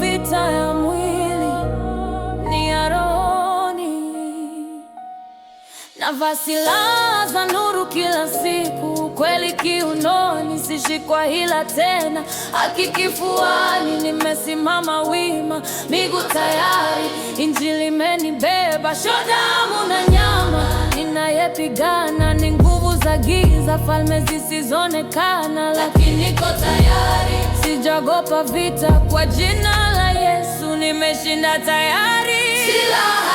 vita ya mwili ni ya rohoni. Navaa silaha za nuru kila siku, kweli kiunoni, sishikwa hila tena, haki kifuani, nimesimama wima, miguu tayari, injili imenibeba, sio damu na nyama ninayepigana, ni nguvu za giza, falme zisizonekana, lakini niko tayari, sijagopa vita kwa jina nimeshinda tayari Silaha.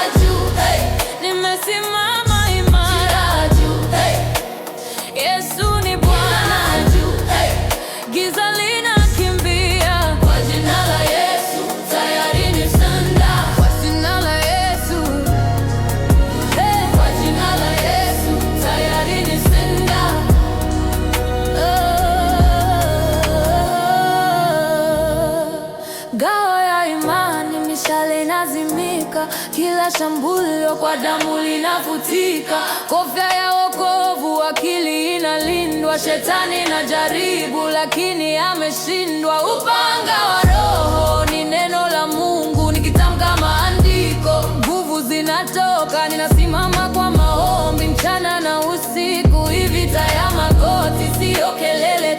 kila shambulio kwa damu linafutika, kofia ya wokovu, akili inalindwa. Shetani na jaribu, lakini ameshindwa. Upanga wa Roho ni neno la Mungu, nikitamka maandiko, nguvu zinatoka. Ninasimama kwa maombi mchana na usiku, hivi vita ya magoti siyo kelele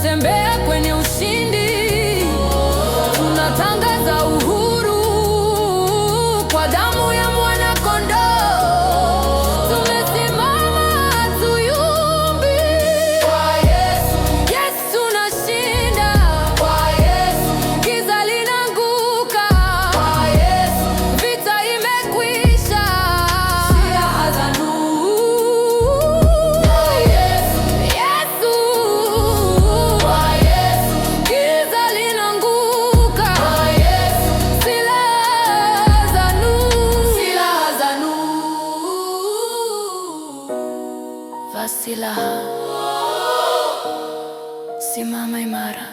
zaten ben kila silaha. Simama imara,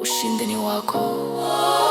ushindi ni wako.